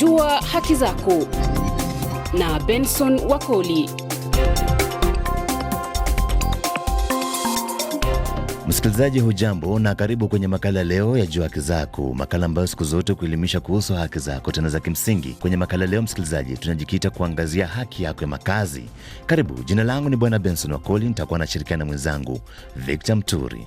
Jua haki zako na Benson Wakoli. Msikilizaji hujambo na karibu kwenye makala leo ya Jua Haki Zako, makala ambayo siku zote kuelimisha kuhusu haki zako tena za kimsingi. Kwenye makala leo, msikilizaji, tunajikita kuangazia haki yako ya makazi. Karibu. Jina langu ni Bwana Benson Wakoli, nitakuwa nashirikiana na mwenzangu Victor Mturi.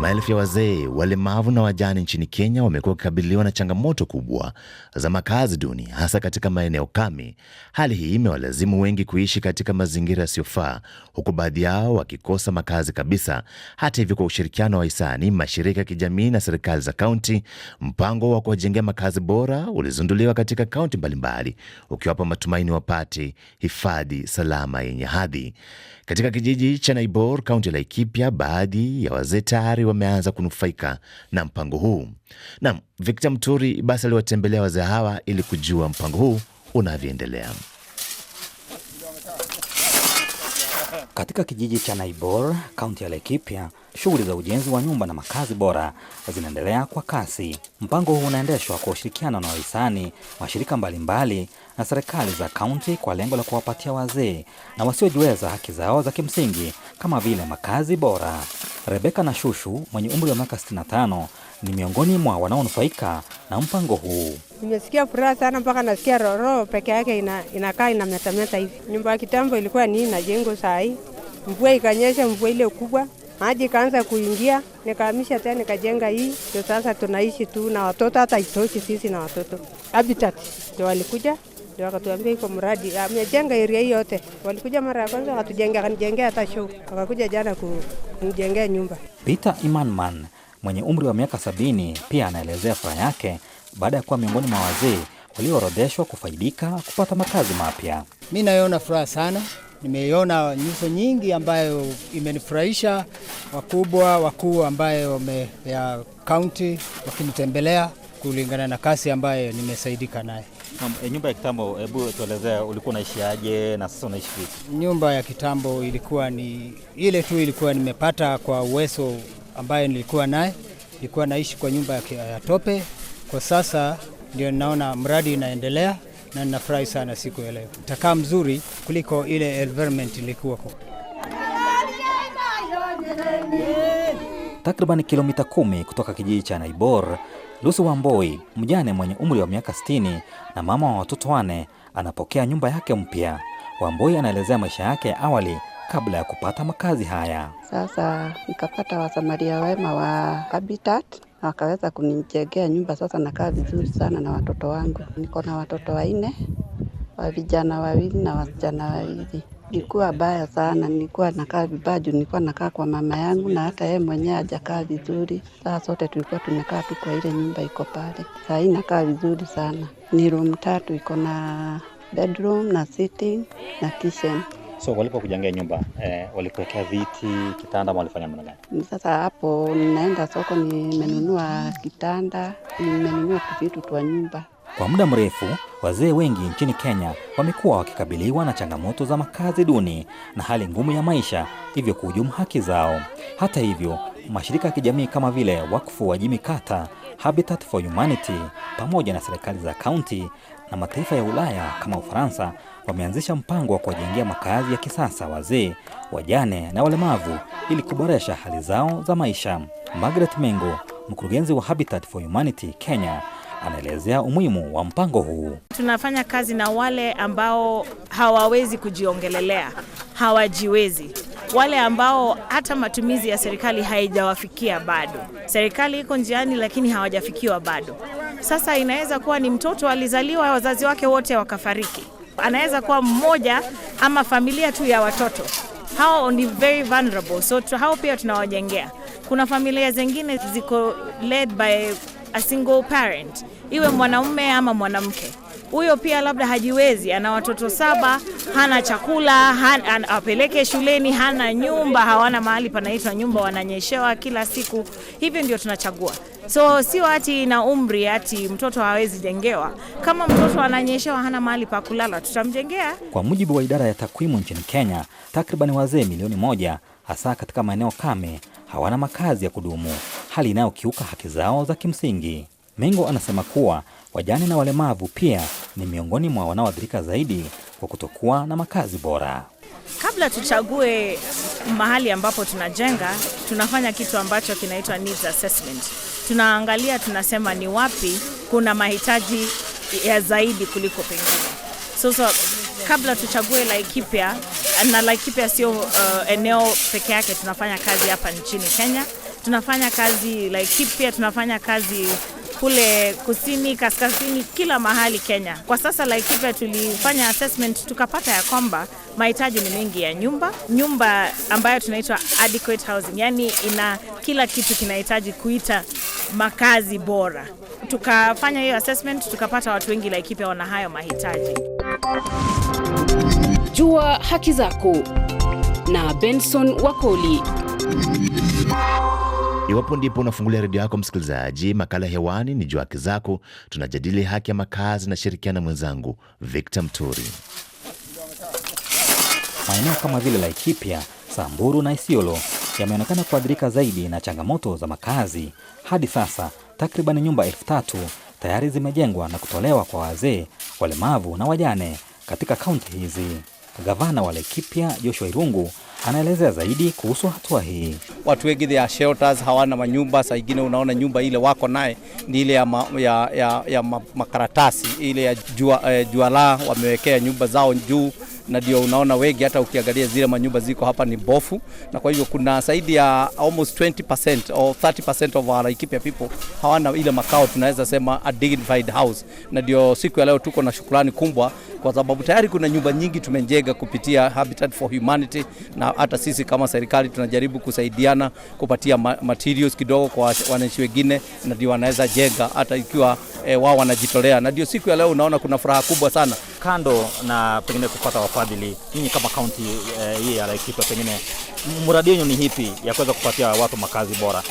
Maelfu ya wazee, walemavu na wajane nchini Kenya wamekuwa wakikabiliwa na changamoto kubwa za makazi duni, hasa katika maeneo kame. Hali hii imewalazimu wengi kuishi katika mazingira yasiyofaa, huku baadhi yao wakikosa makazi kabisa. Hata hivyo, kwa ushirikiano wa hisani, mashirika ya kijamii na serikali za kaunti, mpango wa kuwajengea makazi bora ulizinduliwa katika kaunti mbalimbali, ukiwapa matumaini wapate hifadhi salama yenye hadhi. Katika kijiji cha Naibor, kaunti ya Laikipia, baadhi ya wazee tayari wameanza kunufaika na mpango huu. nam Victor Mturi basi aliwatembelea wazee hawa ili kujua mpango huu unavyoendelea. Katika kijiji cha Naibor, kaunti ya Laikipia, shughuli za ujenzi wa nyumba na makazi bora zinaendelea kwa kasi. Mpango huu unaendeshwa kwa ushirikiano na wahisani, mashirika mbalimbali na serikali za kaunti kwa lengo la kuwapatia wazee na wasiojiweza haki zao za kimsingi kama vile makazi bora. Rebeka na Shushu mwenye umri wa miaka 65 ni miongoni mwa wanaonufaika na mpango huu. Nimesikia furaha sana mpaka nasikia roro peke yake inakaa ina inametameta hivi. Nyumba ya kitambo ilikuwa ni najengwa saa hii, mvua ikanyesha, mvua ile kubwa maji ikaanza kuingia, nikahamisha tena nikajenga hii. Ndio sasa tunaishi tu na watoto, hata itoshi sisi na watoto. Habitat ndio walikuja ndio wakatuambia iko mradi amejenga ah, area hii yote. Walikuja mara ya kwanza wakatujengea, akanijengea hata show, wakakuja jana kunijengea nyumba. Peter Imanman mwenye umri wa miaka sabini pia anaelezea furaha yake baada ya kuwa miongoni mwa wazee walioorodheshwa kufaidika kupata makazi mapya. Mi naiona furaha sana, nimeiona nyuso nyingi ambayo imenifurahisha, wakubwa wakuu ambayo wame ya kaunti wakinitembelea kulingana na kasi ambayo nimesaidika naye. Eh, nyumba ya kitambo, hebu tuelezea, ulikuwa unaishiaje na sasa unaishi vipi? Nyumba ya kitambo ilikuwa ni ile tu, ilikuwa nimepata kwa uwezo ambaye nilikuwa naye, nilikuwa naishi kwa nyumba ya tope. Kwa sasa ndio ninaona mradi inaendelea na ninafurahi sana siku ya leo, takaa mzuri kuliko ile environment ilikuwa kwa takriban kilomita kumi kutoka kijiji cha Naibor. Lucy Wamboi, mjane mwenye umri wa miaka 60 na mama wa watoto wane, anapokea nyumba yake mpya. Wamboi anaelezea maisha yake ya awali kabla ya kupata makazi haya. Sasa nikapata wasamaria wema wa Habitat wakaweza kunijengea nyumba. Sasa nakaa vizuri sana na watoto wangu, niko na watoto wanne, wa vijana wawili na wasichana wawili. Ilikuwa baya sana, nilikuwa nakaa vibaya juu nilikuwa nakaa kwa mama yangu, na hata yeye mwenyewe hajakaa vizuri. Saa sote tulikuwa tumekaa tu kwa ile nyumba iko pale, saa hii nakaa vizuri sana. Ni room tatu, iko na bedroom na sitting na kitchen. So walipo nyumba eh, walikuwekea viti, kitanda ama walifanya namna gani? Sasa hapo ninaenda soko, nimenunua kitanda, nimenunua vitu twa nyumba kwa muda mrefu wazee wengi nchini Kenya wamekuwa wakikabiliwa na changamoto za makazi duni na hali ngumu ya maisha, hivyo kuhujumu haki zao. Hata hivyo, mashirika ya kijamii kama vile wakfu wa Jimmy Carter, Habitat for Humanity pamoja na serikali za kaunti na mataifa ya Ulaya kama Ufaransa wameanzisha mpango wa kuwajengea makazi ya kisasa wazee, wajane na walemavu ili kuboresha hali zao za maisha. Margaret Mengo, mkurugenzi wa Habitat for Humanity Kenya anaelezea umuhimu wa mpango huu. Tunafanya kazi na wale ambao hawawezi kujiongelelea, hawajiwezi, wale ambao hata matumizi ya serikali haijawafikia bado. Serikali iko njiani, lakini hawajafikiwa bado. Sasa inaweza kuwa ni mtoto alizaliwa, wazazi wake wote wakafariki, anaweza kuwa mmoja ama familia tu ya watoto hao ni very vulnerable, so hao pia tunawajengea. Kuna familia zingine ziko led by a single parent, iwe mwanaume ama mwanamke huyo pia labda hajiwezi, ana watoto saba, hana chakula han, apeleke shuleni, hana nyumba, hawana mahali panaitwa nyumba, wananyeshewa kila siku. Hivyo ndio tunachagua. So sio ati na umri ati mtoto hawezi jengewa. Kama mtoto ananyeshewa, hana mahali pa kulala, tutamjengea. Kwa mujibu wa idara ya takwimu nchini Kenya, takriban wazee milioni moja, hasa katika maeneo kame hawana makazi ya kudumu, hali inayokiuka haki zao za kimsingi. Mengo anasema kuwa wajane na walemavu pia ni miongoni mwa wanaoathirika zaidi kwa kutokuwa na makazi bora. Kabla tuchague mahali ambapo tunajenga, tunafanya kitu ambacho kinaitwa needs assessment. Tunaangalia, tunasema ni wapi kuna mahitaji ya zaidi kuliko pengine. so, so, kabla tuchague laikipya na Laikipia sio uh, eneo peke yake. Tunafanya kazi hapa nchini Kenya, tunafanya kazi Laikipia, tunafanya kazi kule kusini, kaskazini, kila mahali Kenya. Kwa sasa Laikipia tulifanya assessment tukapata ya kwamba mahitaji ni mengi ya nyumba, nyumba ambayo tunaitwa adequate housing, yani ina kila kitu kinahitaji kuita makazi bora. Tukafanya hiyo assessment tukapata watu wengi Laikipia wana hayo mahitaji. Jua haki zako na Benson Wakoli. Iwapo ndipo unafungulia redio yako msikilizaji, makala hewani ni Jua haki zako. Tunajadili haki ya makazi na shirikiana mwenzangu Victor Mturi. Maeneo kama vile Laikipia, Samburu na Isiolo yameonekana kuadhirika zaidi na changamoto za makazi. Hadi sasa takriban nyumba elfu tatu tayari zimejengwa na kutolewa kwa wazee, walemavu na wajane katika kaunti hizi. Gavana wa Laikipia Joshua Irungu anaelezea zaidi kuhusu hatua hii. Watu wengi their shelters hawana manyumba, saa ingine unaona nyumba ile wako naye ni ile ya, ma, ya, ya, ya makaratasi ile ya jua, eh, jualaa wamewekea nyumba zao juu na ndio unaona wengi, hata ukiangalia zile manyumba ziko hapa ni bofu, na kwa hivyo kuna zaidi ya almost 20% or 30% of our Laikipia people hawana ile makao, tunaweza sema a dignified house, na ndio siku ya leo tuko na shukrani kubwa kwa sababu tayari kuna nyumba nyingi tumejenga kupitia Habitat for Humanity, na hata sisi kama serikali tunajaribu kusaidiana kupatia materials kidogo kwa wananchi wengine, na ndio wanaweza jenga hata ikiwa e, wao wanajitolea, na ndio siku ya leo unaona kuna furaha kubwa sana kando na pengine kupata wafadhili, nyinyi kama kaunti eh, hii e, ya Laikipia, pengine mradi wenyu ni hipi ya kuweza kupatia watu makazi bora?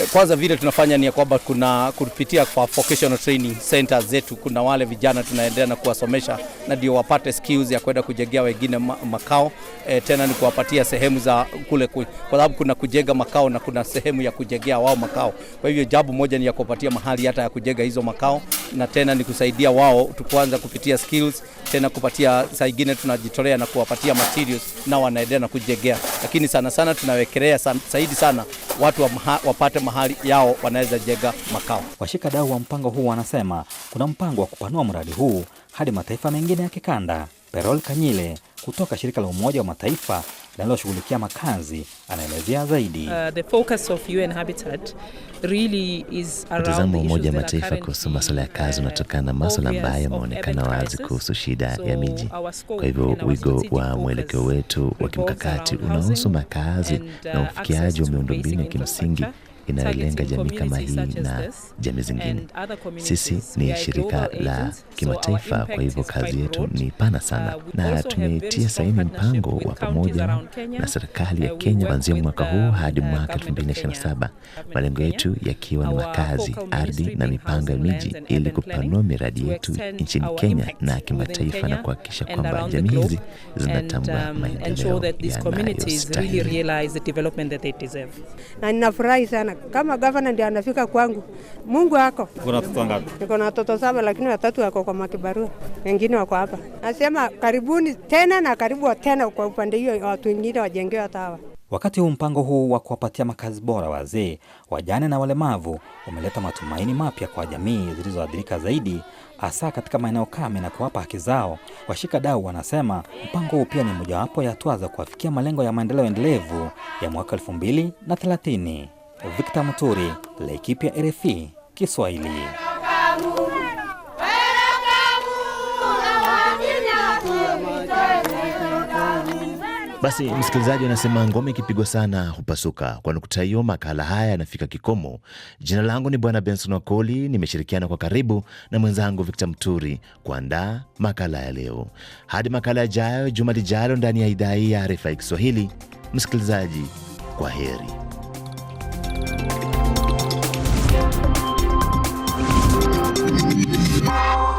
Eh, kwanza vile tunafanya ni kwamba kuna kupitia kwa vocational training center zetu, kuna wale vijana tunaendelea na kuwasomesha na ndio wapate skills ya kwenda kujengea wengine makao e, tena ni kuwapatia sehemu za kule, kwa sababu kuna kujenga makao na kuna sehemu ya kujengea wao makao. Kwa hivyo jambo moja ni ya kuwapatia mahali hata ya kujenga hizo makao, na tena ni kusaidia wao tukuanza kupitia skills, tena kupatia saingine tunajitolea na kuwapatia materials na wanaendelea na kujengea, lakini sana sana tunawekelea zaidi sana watu wa maha, wapate mahali yao wanaweza jenga makao. washika dau wa mpango huu wanasema kuna mpango wa kupanua mradi huu hadi mataifa mengine ya kikanda. Perol Kanyile kutoka shirika la Umoja wa Mataifa linaloshughulikia makazi anaelezea zaidi. Uh, Mtazamo wa Umoja wa Mataifa kuhusu maswala ya kazi uh, unatokana na maswala ambayo yameonekana wazi kuhusu shida ya miji. Kwa hivyo wigo wa mwelekeo wetu wa kimkakati unahusu makazi na uh, ufikiaji wa miundombinu ya kimsingi inayolenga jamii kama hii na jamii zingine. Sisi ni shirika la kimataifa, kwa hivyo kazi yetu ni pana uh, sana, na tumetia saini mpango wa pamoja na serikali ya uh, Kenya kuanzia mwaka uh, huu hadi mwaka 2027, malengo yetu yakiwa ni makazi, ardhi na mipango ya miji, ili kupanua miradi yetu nchini Kenya na kimataifa na kuhakikisha kwamba jamii hizi zinatambua um, maendeleo yanayostahili. Na ninafurahi sana kama gavana ndiye anafika kwangu. Mungu ako. Uko na watoto ngapi? Niko na watoto saba, lakini watatu wako kwa makibarua, wengine wako hapa. Nasema karibuni tena na karibu tena kwa upande hiyo, watu wengine wajengewe hata hawa. Wakati huu mpango huu wa kuwapatia makazi bora wazee, wajane na walemavu umeleta matumaini mapya kwa jamii zilizoathirika zaidi, hasa katika maeneo kame na kuwapa haki zao. Washika dau wanasema mpango huu pia ni mojawapo ya hatua za kuwafikia malengo ya maendeleo endelevu ya mwaka elfu mbili na thelathini. Victor Muturi, ya RFI Kiswahili. Basi msikilizaji, anasema ngome ikipigwa sana hupasuka. Kwa nukta hiyo, makala haya yanafika kikomo. Jina langu ni Bwana Benson Wakoli, nimeshirikiana kwa karibu na mwenzangu Victor Mturi kuandaa makala ya leo. Hadi makala yajayo juma lijalo ndani ya idhaa hii ya RFI Kiswahili, msikilizaji, kwa heri. Música